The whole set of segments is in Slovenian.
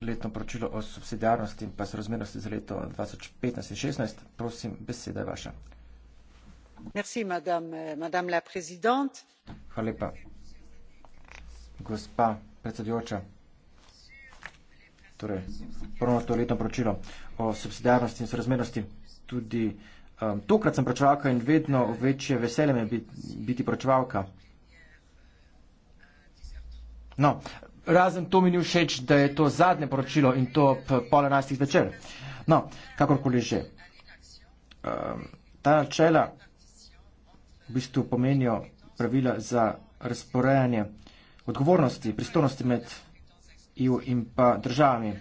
letno poročilo o subsidijarnosti in pa sorazmernosti za leto 2015 in 16. Prosim, beseda je vaša. Merci, madame, madame la présidente. Hvala lepa. Gospa predsedujoča, torej ponovno to letno poročilo o subsidijarnosti in sorazmernosti tudi um, tokrat sem pročevalka in vedno večje veselje me biti, biti pročevalka. No, Razen to mi ni všeč, da je to zadnje poročilo in to ob pol enajstih zvečer. No, kakorkoli že. Um, ta načela v bistvu pomenijo pravila za razporejanje odgovornosti, pristojnosti med EU in pa državami.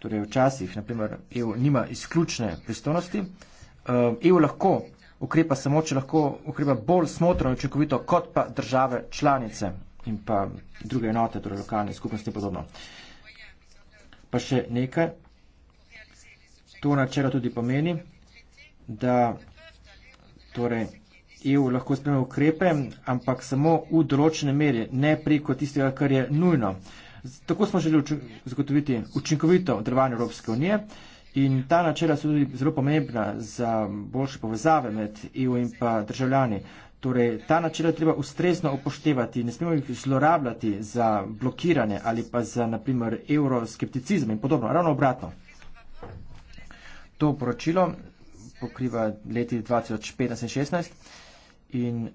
Torej včasih, naprimer, EU nima izključne pristojnosti. Um, ehm, EU lahko ukrepa samo, če lahko ukrepa bolj smotrno in učinkovito kot pa države članice in pa druge enote, torej lokalne skupnosti in podobno. Pa še nekaj, to načelo tudi pomeni, da torej EU lahko spremlja ukrepe, ampak samo v določene meri, ne preko tistega, kar je nujno. Tako smo želeli zagotoviti učinkovito delovanje Evropske unije in ta načela so tudi zelo pomembna za boljše povezave med EU in pa državljani. Torej, ta načela treba ustrezno upoštevati, ne smemo jih zlorabljati za blokiranje ali pa za, naprimer, euroskepticizem in podobno, ravno obratno. To poročilo pokriva leti 2015-2016 in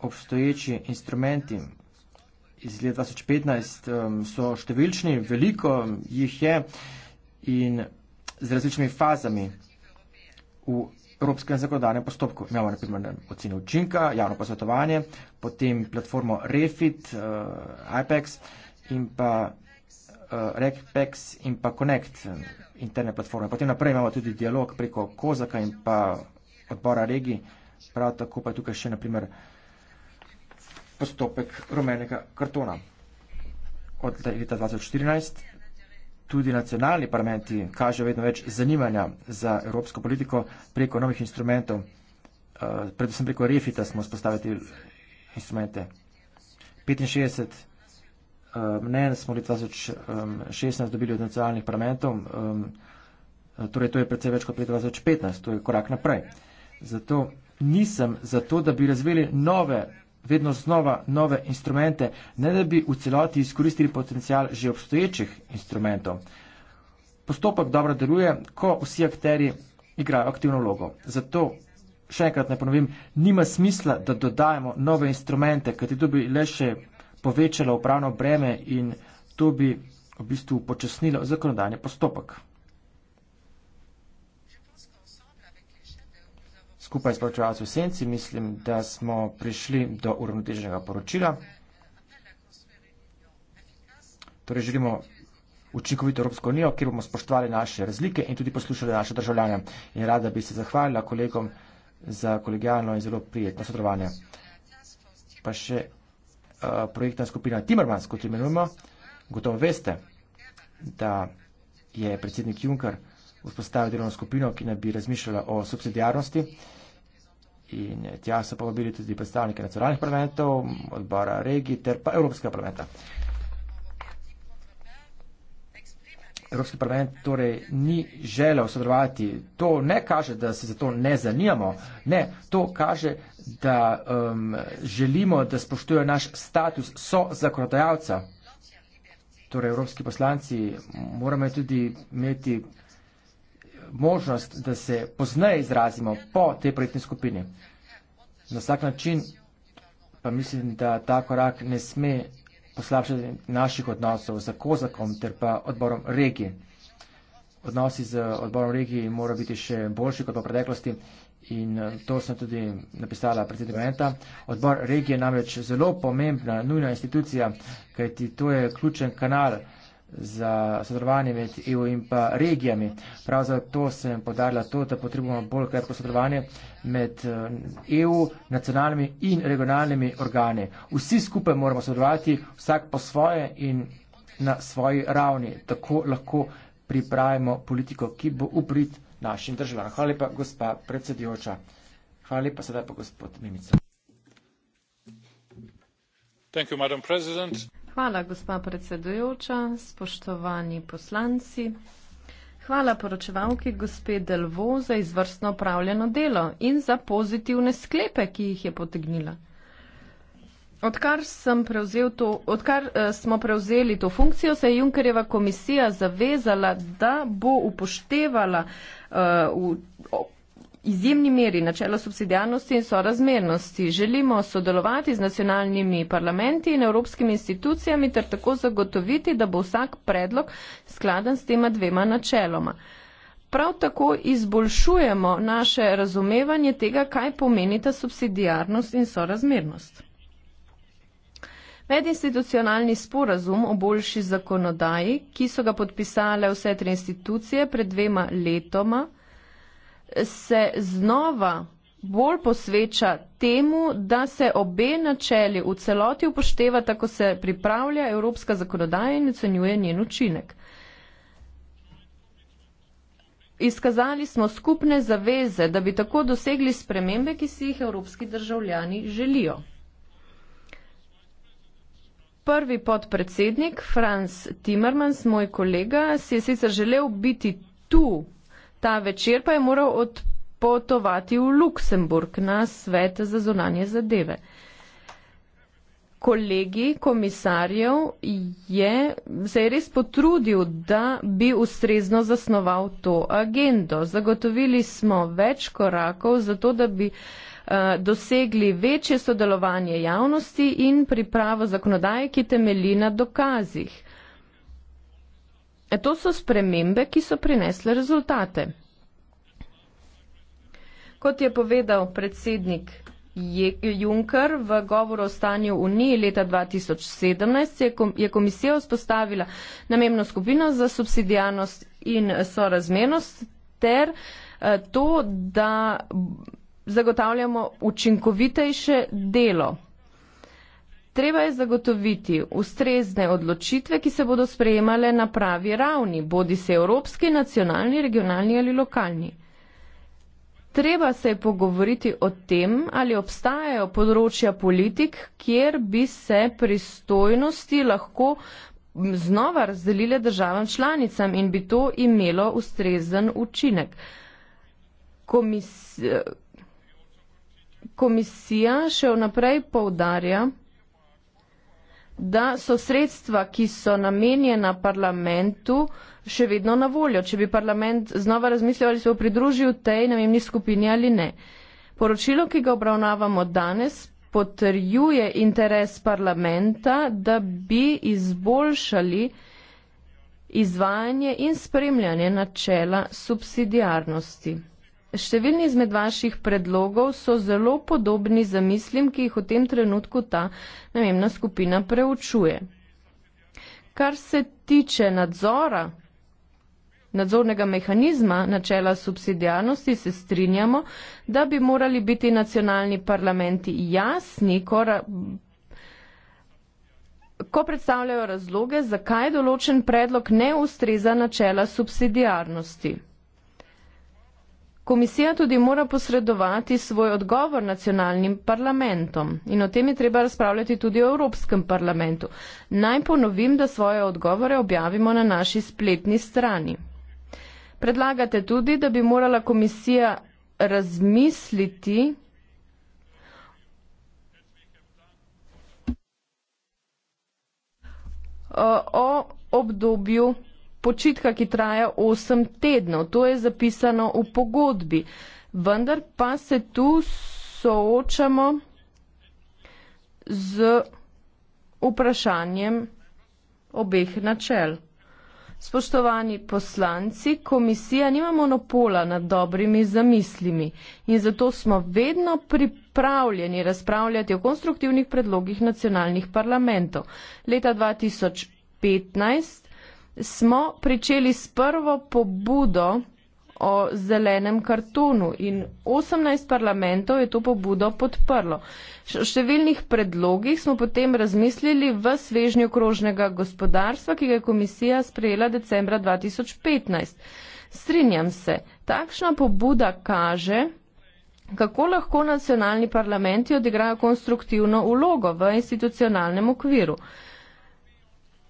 obstoječi instrumenti iz leta 2015 um, so številčni, veliko jih je in z različnimi fazami v evropskem zakonodajnem postopku. Imamo naprimer oceno učinka, javno posvetovanje, potem platformo Refit, uh, eh, IPEX in pa uh, eh, RECPEX in pa Connect eh, interne platforme. Potem naprej imamo tudi dialog preko Kozaka in pa odbora regij, prav tako pa je tukaj še naprimer postopek rumenega kartona od leta 2014 tudi nacionalni parlamenti kažejo vedno več zanimanja za evropsko politiko preko novih instrumentov, uh, predvsem preko REFIT-a smo spostavili instrumente. 65 uh, mnen smo leta 2016 dobili od nacionalnih parlamentov, um, torej to je predvsej več kot leta 2015, to je korak naprej. Zato nisem za to, da bi razvili nove vedno znova nove instrumente, ne da bi v celoti izkoristili potencial že obstoječih instrumentov. Postopek dobro deluje, ko vsi akteri igrajo aktivno vlogo. Zato, še enkrat ne ponovim, nima smisla, da dodajemo nove instrumente, kajti to bi le še povečalo upravno breme in to bi v bistvu upočasnilo zakonodajni postopek. skupaj s pročevalci v senci mislim, da smo prišli do uravnoteženega poročila. Torej želimo učinkovito Evropsko unijo, kjer bomo spoštovali naše razlike in tudi poslušali naše državljane. In rada bi se zahvalila kolegom za kolegijalno in zelo prijetno sodelovanje. Pa še uh, projektna skupina Timmermans, kot imenujemo, gotovo veste, da je predsednik Juncker vzpostavil delovno skupino, ki naj bi razmišljala o subsidiarnosti. Uh, in tja so povabili tudi predstavnike nacionalnih parlamentov, odbora regij ter pa Evropskega parlamenta. Evropski parlament torej ni želel sodelovati. To ne kaže, da se za to ne zanimamo. Ne, to kaže, da um, želimo, da spoštujejo naš status so zakonodajalca. Torej, evropski poslanci moramo tudi imeti možnost, da se pozneje izrazimo po tej projektni skupini. Na vsak način pa mislim, da ta korak ne sme poslabšati naših odnosov z Kozakom ter pa odborom regije. Odnosi z odborom regije morajo biti še boljši kot v preteklosti in eh, to sem tudi napisala predsednika. Odbor regije je namreč zelo pomembna, nujna institucija, kajti to je ključen kanal za sodelovanje med EU in pa regijami. Prav zato sem podarila to, da potrebujemo bolj krepko sodelovanje med EU, eh, e nacionalnimi in regionalnimi organi. Vsi skupaj moramo sodelovati, vsak po svoje in na svoji ravni. Tako lahko pripravimo politiko, ki bo uprit našim državam. Hvala lepa, gospa predsedujoča. Hvala lepa, sedaj pa gospod Mimica. Thank you, Madam President. Hvala, gospa predsedujoča, spoštovani poslanci. Hvala poročevalki gospe Delvo za izvrstno upravljeno delo in za pozitivne sklepe, ki jih je potegnila. Odkar, to, odkar eh, smo prevzeli to funkcijo, se je Junkerjeva komisija zavezala, da bo upoštevala eh, v, izjemni meri načelo subsidijarnosti in sorazmernosti. Želimo sodelovati z nacionalnimi parlamenti in evropskimi institucijami ter tako zagotoviti, da bo vsak predlog skladen s tema dvema načeloma. Prav tako izboljšujemo naše razumevanje tega, kaj pomenita subsidijarnost in sorazmernost. Medinstitucionalni sporazum o boljši zakonodaji, ki so ga podpisale vse tri institucije pred dvema letoma, se znova bolj posveča temu, da se obe načeli v celoti upošteva, tako se pripravlja evropska zakonodaja in ocenjuje njen učinek. Izkazali smo skupne zaveze, da bi tako dosegli spremembe, ki si jih evropski državljani želijo. Prvi podpredsednik, Franz Timmermans, moj kolega, si je sicer želel biti tu Ta večer pa je moral odpotovati v Luksemburg na svet za zonanje zadeve. Kolegi komisarjev je, se je res potrudil, da bi ustrezno zasnoval to agendo. Zagotovili smo več korakov za to, da bi eh, dosegli večje sodelovanje javnosti in pripravo zakonodaje, ki temeli na dokazih. E, to so spremembe, ki so prinesle rezultate. Kot je povedal predsednik Juncker v govoru o stanju Unije leta 2017, je komisija vzpostavila namemno skupino za subsidijarnost in sorazmernost ter eh, to, da zagotavljamo učinkovitejše delo. Treba je zagotoviti ustrezne odločitve, ki se bodo sprejemale na pravi ravni, bodi se evropski, nacionalni, regionalni ali lokalni. Treba se je pogovoriti o tem, ali obstajajo področja politik, kjer bi se pristojnosti lahko znova razdelile državam članicam in bi to imelo ustrezen učinek. Komis... Eh, komisija še vnaprej poudarja, da so sredstva, ki so namenjena parlamentu, še vedno na voljo. Če bi parlament znova razmislil, ali se bo pridružil tej namenjeni skupini ali ne. Poročilo, ki ga obravnavamo danes, potrjuje interes parlamenta, da bi izboljšali izvajanje in spremljanje načela subsidijarnosti. Številni izmed vaših predlogov so zelo podobni zamislim, ki jih v tem trenutku ta najemna skupina preučuje. Kar se tiče nadzora, nadzornega mehanizma načela subsidijarnosti, se strinjamo, da bi morali biti nacionalni parlamenti jasni, kora, ko predstavljajo razloge, zakaj določen predlog ne ustreza načela subsidijarnosti. Komisija tudi mora posredovati svoj odgovor nacionalnim parlamentom in o tem je treba razpravljati tudi v Evropskem parlamentu. Naj ponovim, da svoje odgovore objavimo na naši spletni strani. Predlagate tudi, da bi morala komisija razmisliti. O obdobju počitka, ki traja 8 tednov. To je zapisano v pogodbi. Vendar pa se tu soočamo z vprašanjem obeh načel. Spoštovani poslanci, komisija nima monopola nad dobrimi zamislimi in zato smo vedno pripravljeni razpravljati o konstruktivnih predlogih nacionalnih parlamentov. Leta 2015 smo pričeli s prvo pobudo o zelenem kartonu in 18 parlamentov je to pobudo podprlo. V številnih predlogih smo potem razmislili v svežnju krožnega gospodarstva, ki ga je komisija sprejela decembra 2015. Strinjam se, takšna pobuda kaže, kako lahko nacionalni parlamenti odigrajo konstruktivno ulogo v institucionalnem okviru.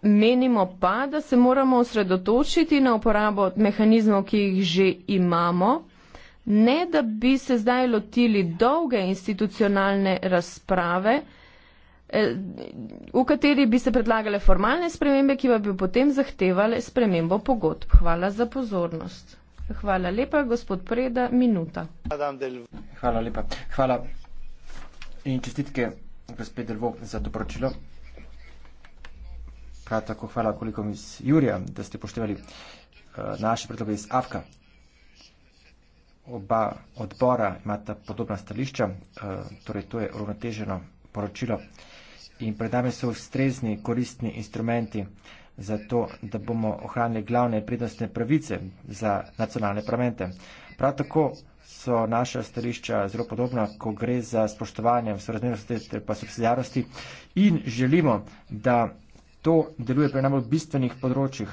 Menimo pa, da se moramo osredotočiti na uporabo mehanizmov, ki jih že imamo, ne da bi se zdaj lotili dolge institucionalne razprave, eh, v kateri bi se predlagale formalne spremembe, ki pa bi potem zahtevale spremembo pogodb. Hvala za pozornost. Hvala lepa, gospod Preda, minuta. Hvala lepa. Hvala in čestitke, gospod Delvo, za to poročilo. Prav tako hvala kolikom iz Jurija, da ste poštevali eh, naše predloge iz Afka. Oba odbora imata podobna stališča, eh, torej to je uravnoteženo poročilo. In pred nami so ustrezni koristni instrumenti za to, da bomo ohranili glavne prednostne pravice za nacionalne parlamente. Prav tako so naša stališča zelo podobna, ko gre za spoštovanje v sorazmernosti, pa subsidijarnosti in želimo, da To deluje pri najbolj bistvenih področjih.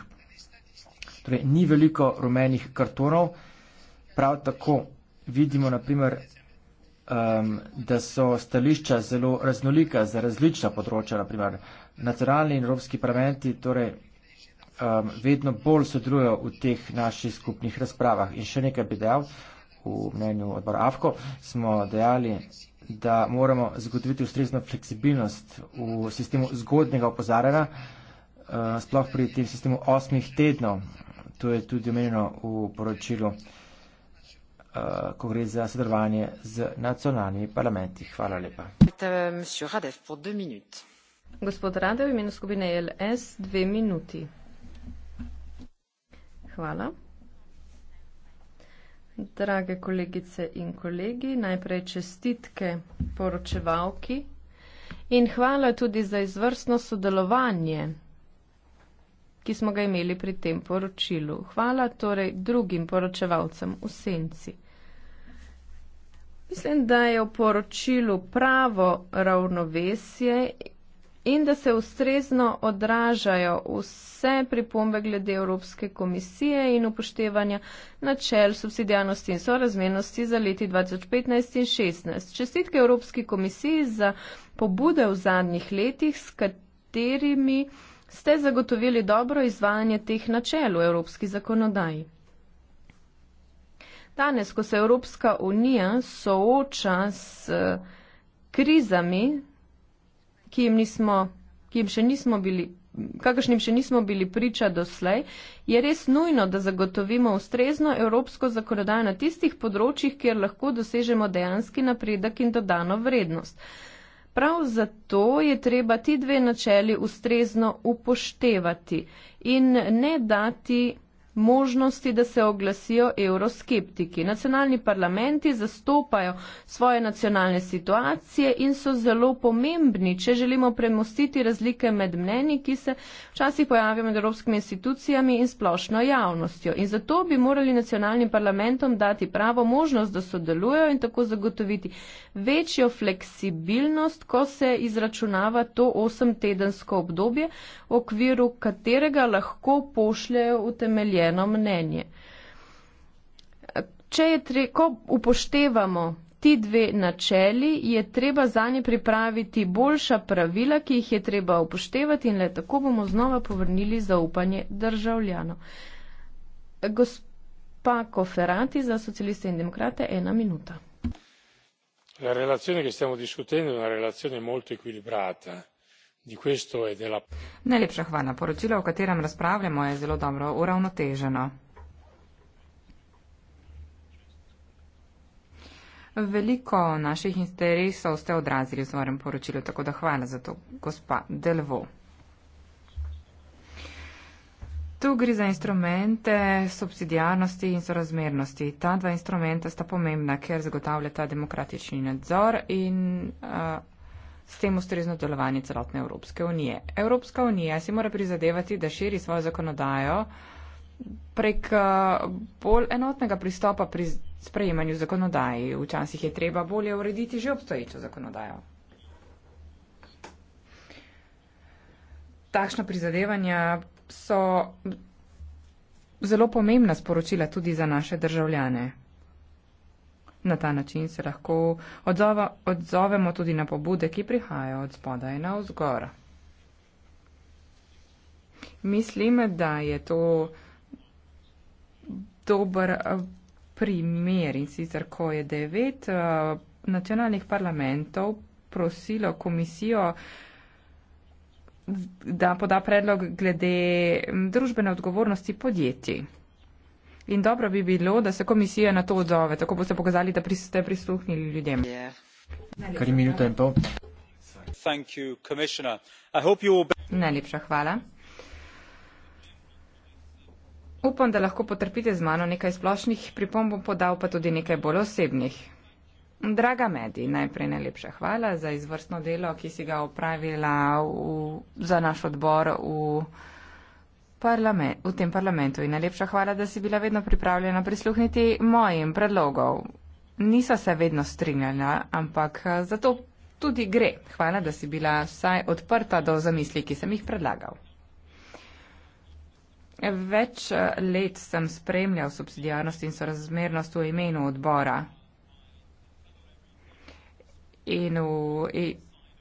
Torej, ni veliko rumenih kartonov. Prav tako vidimo, naprimer, um, da so stališča zelo raznolika za različna področja. Naprimer, nacionalni in evropski parlamenti torej, um, vedno bolj sodelujo v teh naših skupnih razpravah. In še nekaj bi dejal v mnenju odbora AFKO, smo dejali, da moramo zagotoviti ustrezno fleksibilnost v sistemu zgodnega opozarjanja, eh, sploh pri tem sistemu osmih tednov. To je tudi omenjeno v poročilu, eh, ko gre za sodelovanje z nacionalnimi parlamenti. Hvala lepa. Eh, Gospod Radev, imenu skupine LS, dve minuti. Hvala. Drage kolegice in kolegi, najprej čestitke poročevalki in hvala tudi za izvrstno sodelovanje, ki smo ga imeli pri tem poročilu. Hvala torej drugim poročevalcem v senci. Mislim, da je v poročilu pravo ravnovesje in da se ustrezno odražajo vse pripombe glede Evropske komisije in upoštevanja načel subsidijanosti in sorazmernosti za leti 2015 in 2016. Čestitke Evropski komisiji za pobude v zadnjih letih, s katerimi ste zagotovili dobro izvajanje teh načel v evropski zakonodaji. Danes, ko se Evropska unija sooča s eh, krizami, ki jim nismo, ki jim še nismo bili, kakršnim še nismo bili priča doslej, je res nujno, da zagotovimo ustrezno evropsko zakonodajo na tistih področjih, kjer lahko dosežemo dejanski napredek in dodano vrednost. Prav zato je treba ti dve načeli ustrezno upoštevati in ne dati možnosti, da se oglasijo euroskeptiki. Nacionalni parlamenti zastopajo svoje nacionalne situacije in so zelo pomembni, če želimo premostiti razlike med mnenji, ki se včasih pojavijo med evropskimi institucijami in splošno javnostjo. In zato bi morali nacionalnim parlamentom dati pravo možnost, da sodelujo in tako zagotoviti večjo fleksibilnost, ko se izračunava to osemtedensko obdobje, v okviru katerega lahko pošljejo utemeljenje eno mnenje. Če je tre, ko upoštevamo ti dve načeli, je treba za nje pripraviti boljša pravila, ki jih je treba upoštevati in le tako bomo znova povrnili zaupanje državljano. Gospa Koferati za socialiste in demokrate, ena minuta. La relazione che stiamo discutendo è una relazione molto equilibrata. Najlepša hvala. Poročilo, o katerem razpravljamo, je zelo dobro uravnoteženo. Veliko naših interesov ste odrazili v svojem poročilu, tako da hvala za to, gospa Delvo. Tu gre za instrumente subsidijarnosti in sorazmernosti. Ta dva instrumenta sta pomembna, ker zagotavljata demokratični nadzor in. Uh, s tem ustrezno delovanje celotne Evropske unije. Evropska unija si mora prizadevati, da širi svojo zakonodajo prek eh, bolj enotnega pristopa pri sprejemanju zakonodaji. Včasih je treba bolje urediti že obstoječo zakonodajo. Takšna prizadevanja so zelo pomembna sporočila tudi za naše državljane. Na ta način se lahko odzova, odzovemo tudi na pobude, ki prihajajo od spodaj na vzgor. Mislim, da je to dober eh, primer in sicer, ko je devet eh, nacionalnih parlamentov prosilo komisijo, da poda predlog glede družbene odgovornosti podjetij. In dobro bi bilo, da se komisija na to odzove, tako boste pokazali, da ste prisluhnili ljudem. Kar je minuta in pol. Najlepša hvala. Upam, da lahko potrpite z mano nekaj splošnih pripomb, podal pa tudi nekaj bolj osebnih. Draga Medi, najprej najlepša hvala za izvrstno delo, ki si ga opravila v, za naš odbor v parlament, v tem parlamentu in najlepša hvala, da si bila vedno pripravljena prisluhniti mojim predlogov. Niso se vedno strinjala, ampak eh, zato tudi gre. Hvala, da si bila vsaj odprta do zamisli, ki sem jih predlagal. Več eh, let sem spremljal subsidijarnost in sorazmernost v imenu odbora. In v, e-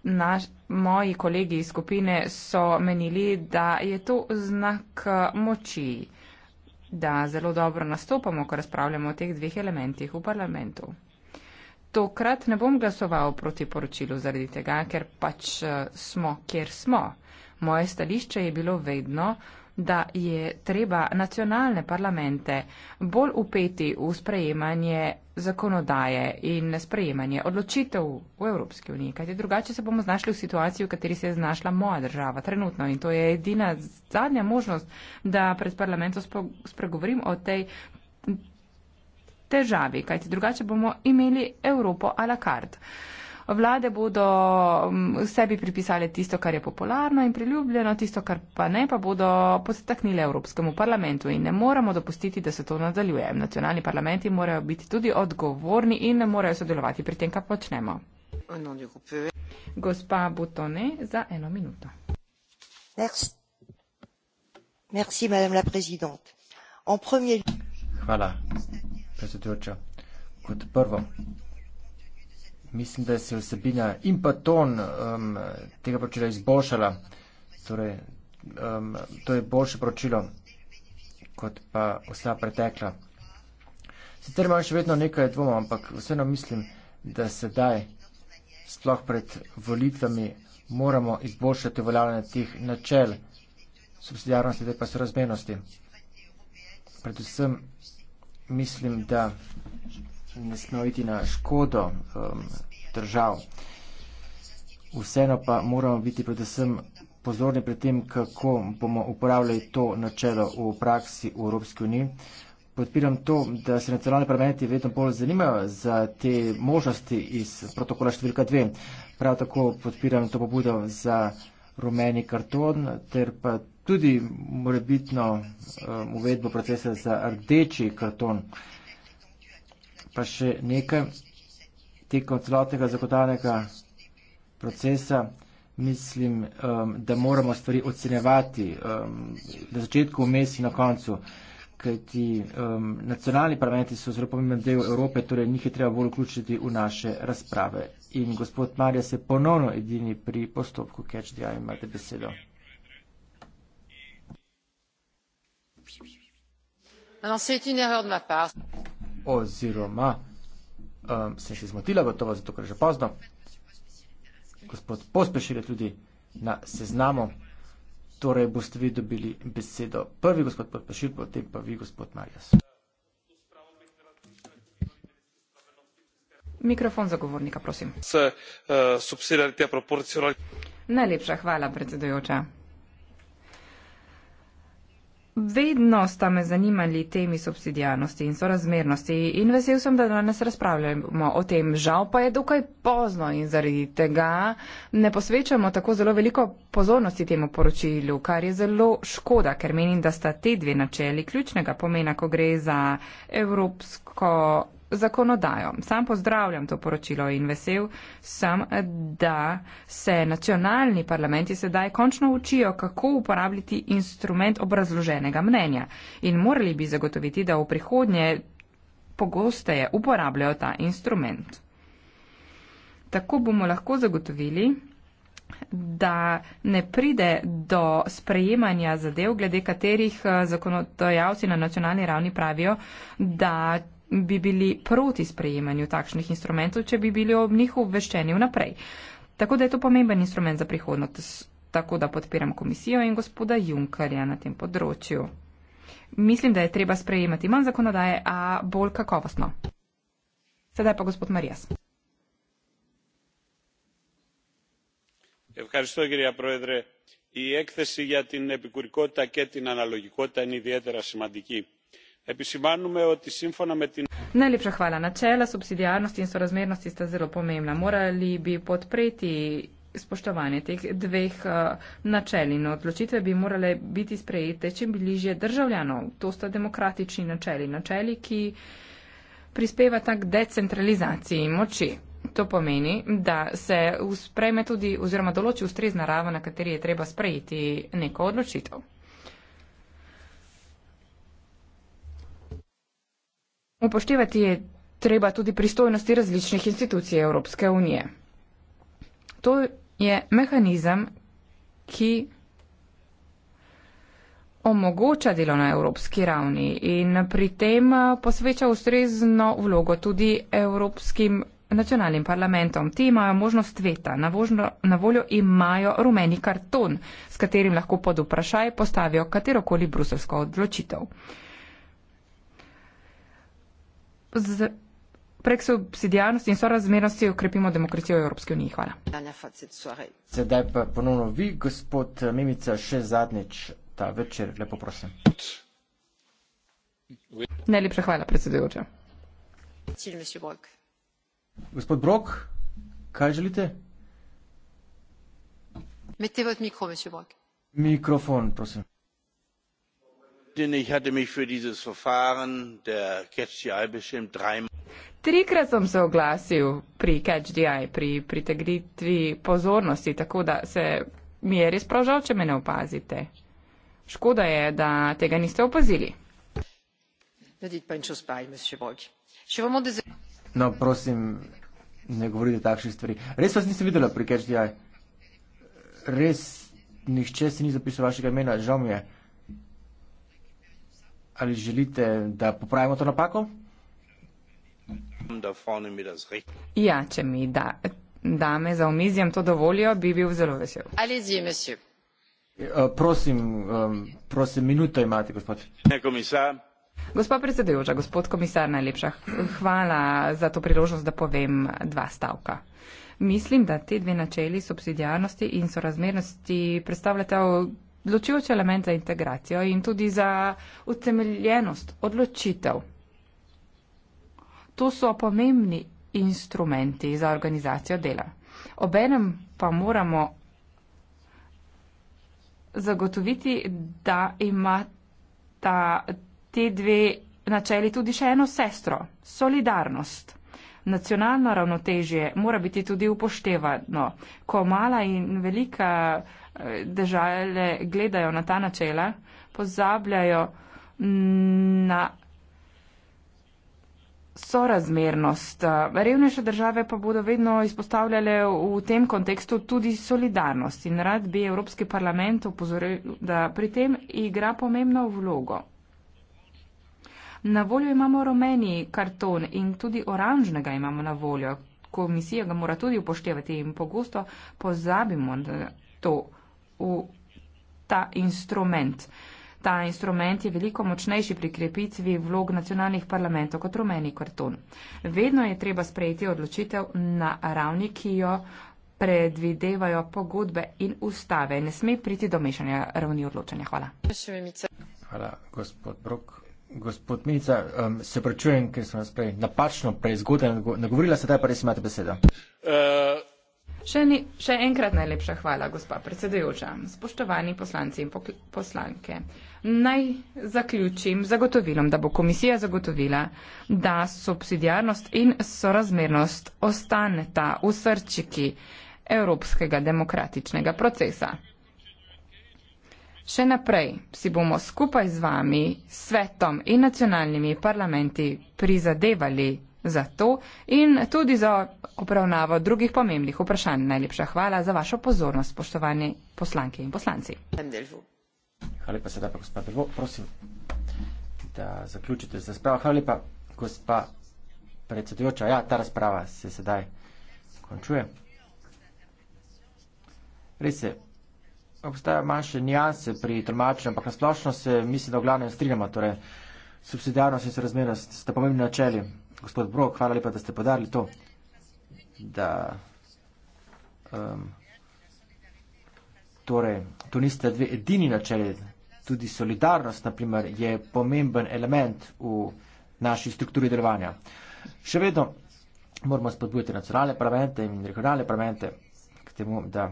naš, moji kolegi iz skupine so menili, da je to znak eh, moči, da zelo dobro nastopamo, ko razpravljamo o teh dveh elementih v parlamentu. Tokrat ne bom glasoval proti poročilu zaradi tega, ker pač eh, smo, kjer smo. Moje stališče je bilo vedno da je treba nacionalne parlamente bolj upeti v sprejemanje zakonodaje in sprejemanje odločitev v Evropski uniji. Kajti drugače se bomo znašli v situaciji, v kateri se je znašla moja država trenutno. In to je edina zadnja možnost, da pred parlamentom spregovorim o tej težavi. Kajti drugače bomo imeli Evropo a la carte. Vlade bodo mm, sebi pripisale tisto, kar je popularno in priljubljeno, tisto, kar pa ne, pa bodo podtaknile Evropskemu parlamentu in ne moramo dopustiti, da se to nadaljuje. Nacionalni parlamenti morajo biti tudi odgovorni in ne morajo sodelovati pri tem, kar počnemo. Gospa Butone, za eno minuto. Merci, madame la présidente. Premier... Hvala, predsedujoča. Kot prvo, mislim, da se je vsebina in pa ton um, tega poročila izboljšala. Torej, um, to je boljše poročilo kot pa vsa pretekla. Sicer imam še vedno nekaj dvoma, ampak vseeno mislim, da sedaj, sploh pred volitvami, moramo izboljšati uveljavljanje teh načel subsidijarnosti, da pa so razmenosti. Predvsem mislim, da ne smemo iti na škodo um, držav. Vseeno pa moramo biti predvsem pozorni pred tem, kako bomo uporabljali to načelo v praksi v Evropski uniji. Podpiram to, da se nacionalni parlamenti vedno bolj zanimajo za te možnosti iz protokola številka 2. Prav tako podpiram to pobudo za rumeni karton ter pa tudi morebitno um, uvedbo procesa za rdeči karton. Pa še nekaj tekom celotnega zakotanega procesa, mislim, um, da moramo stvari ocenevati um, na začetku, vmes in na koncu. Ker ti um, nacionalni parlamenti so zelo pomemben del Evrope, torej njih je treba bolj vključiti v naše razprave. In gospod Marja se ponovno edini pri postopku KEČDI imate besedo. Ah Oziroma, um, se še zmotila, gotovo zato, ker že pozno. Gospod pospešil je tudi na seznamu, torej boste vi dobili besedo prvi, gospod pospešil, potem pa vi, gospod Marjas. Mikrofon zagovornika, prosim. Se, uh, Najlepša hvala, predsedujoča vedno sta me zanimali temi subsidijarnosti in sorazmernosti in vesel sem, da danes razpravljamo o tem. Žal pa je dokaj pozno in zaradi tega ne posvečamo tako zelo veliko pozornosti temu poročilu, kar je zelo škoda, ker menim, da sta te dve načeli ključnega pomena, ko gre za evropsko zakonodajo. Sam pozdravljam to poročilo in vesel sem, da se nacionalni parlamenti sedaj končno učijo, kako uporabljati instrument obrazloženega mnenja in morali bi zagotoviti, da v prihodnje pogosteje uporabljajo ta instrument. Tako bomo lahko zagotovili, da ne pride do sprejemanja zadev, glede katerih eh, zakonodajalci na nacionalni ravni pravijo, da bi bili proti sprejemanju takšnih instrumentov, če bi bili ob njih obveščeni vnaprej. Tako da je to pomemben instrument za prihodnost, tako da podpiram komisijo in gospoda Junkarja na tem področju. Mislim, da je treba sprejemati manj zakonodaje, a bolj kakovostno. Sedaj pa gospod Marijas. Hvala, gospod predsednik. Η έκθεση για την επικουρικότητα και την αναλογικότητα είναι ιδιαίτερα σημαντική. Najlepša hvala. Načela subsidijarnosti in sorazmernosti sta zelo pomembna. Morali bi podpreti spoštovanje teh dveh eh, načel in odločitve bi morale biti sprejete čim bližje državljanov. To sta demokratični načeli, načeli, ki prispevata k decentralizaciji moči. To pomeni, da se sprejme tudi oziroma določi ustrezna rava, na kateri je treba sprejeti neko odločitev. Upoštevati je treba tudi pristojnosti različnih institucij Evropske unije. To je mehanizem, ki omogoča delo na evropski ravni in pri tem eh, posveča ustrezno vlogo tudi evropskim nacionalnim parlamentom. Ti imajo možnost veta, na, vožno, na voljo imajo rumeni karton, s katerim lahko pod vprašaj postavijo katerokoli bruselsko odločitev z, prek subsidijarnosti in sorazmernosti ukrepimo demokracijo v Evropski uniji. Hvala. Sedaj pa ponovno vi, gospod Mimica, še zadnjič ta večer. Lepo prosim. Najlepša hvala, predsedujoča. Gospod Brok, kaj želite? Mikro, Mikrofon, prosim. Trikrat sem se oglasil pri Catch the Eye, pri pritegnitvi pozornosti, tako da se mi je res prav žal, če me ne opazite. Škoda je, da tega niste opazili. No, prosim, ne govorite takšnih stvari. Res vas nisem videla pri Catch the Eye. Res, nihče si ni zapisal vašega imena, žal mi je. Ali želite, da popravimo to napako? Ja, če mi da, dame za omizjem to dovolijo, bi bil zelo vesel. E, e, prosim, prosim, minuto imate, gospod. Gospod predsedujoča, gospod komisar, najlepša hvala za to priložnost, da povem dva stavka. Mislim, da te dve načeli subsidijarnosti in sorazmernosti predstavljate odločujoč element za integracijo in tudi za utemeljenost odločitev. To so pomembni instrumenti za organizacijo dela. Obenem pa moramo zagotoviti, da ima ta, te dve načeli tudi še eno sestro, solidarnost. Nacionalno ravnotežje mora biti tudi upoštevano, ko mala in velika države gledajo na ta načela, pozabljajo na sorazmernost. Revnejše države pa bodo vedno izpostavljale v tem kontekstu tudi solidarnost in rad bi Evropski parlament opozoril, da pri tem igra pomembno vlogo. Na voljo imamo rumeni karton in tudi oranžnega imamo na voljo. Komisija ga mora tudi upoštevati in pogosto pozabimo to v ta instrument. Ta instrument je veliko močnejši pri krepitvi vlog nacionalnih parlamentov kot rumeni karton. Vedno je treba sprejeti odločitev na ravni, ki jo predvidevajo pogodbe in ustave. Ne sme priti do mešanja ravni odločanja. Hvala. Hvala, gospod Brok. Gospod Mica, um, se pravčujem, ker sem vas prej napačno, prej zgodaj nagovorila, sedaj pa res imate besedo. Uh... Še, ni, še enkrat najlepša hvala, gospa predsedujoča. Spoštovani poslanci in poslanke, naj zaključim zagotovilom, da bo komisija zagotovila, da subsidijarnost in sorazmernost ostaneta v srčiki evropskega demokratičnega procesa. Še naprej si bomo skupaj z vami, svetom in nacionalnimi parlamenti prizadevali za to in tudi za opravnavo drugih pomembnih vprašanj. Najlepša hvala za vašo pozornost, spoštovani poslanke in poslanci. Hvala lepa, sedaj pa gospod Delvo, prosim, da zaključite z razpravo. Hvala lepa, gospod predsedujoča. Ja, ta razprava se sedaj končuje. Res je, obstaja manjše nijanse pri tolmačenju, ampak nasplošno se mislim, da v glavnem strinjamo, torej subsidijarnost in sorazmernost sta pomembni načeli. Gospod Brok, hvala lepa, da ste podarili to, da um, torej, to niste dve edini načeli. Tudi solidarnost, naprimer, je pomemben element v naši strukturi delovanja. Še vedno moramo spodbujati nacionalne parlamente in regionalne parlamente k temu, da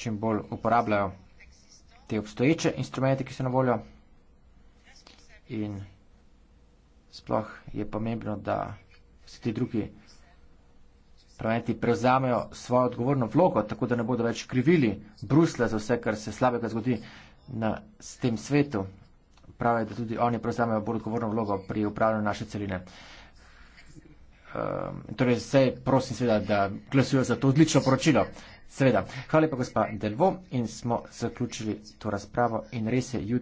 čim bolj uporabljajo te obstoječe instrumente, ki so na voljo. In sploh je pomembno, da vsi ti drugi pravi, prevzamejo svojo odgovorno vlogo, tako da ne bodo več krivili Brusla za vse, kar se slabega zgodi na tem svetu. Pravi, da tudi oni prevzamejo bolj odgovorno vlogo pri upravljanju naše celine. Um, torej, vse prosim, seveda, da glasujo za to odlično poročilo. Seveda. Hvala lepa, gospa Delvo, in smo zaključili to razpravo in res je jutri.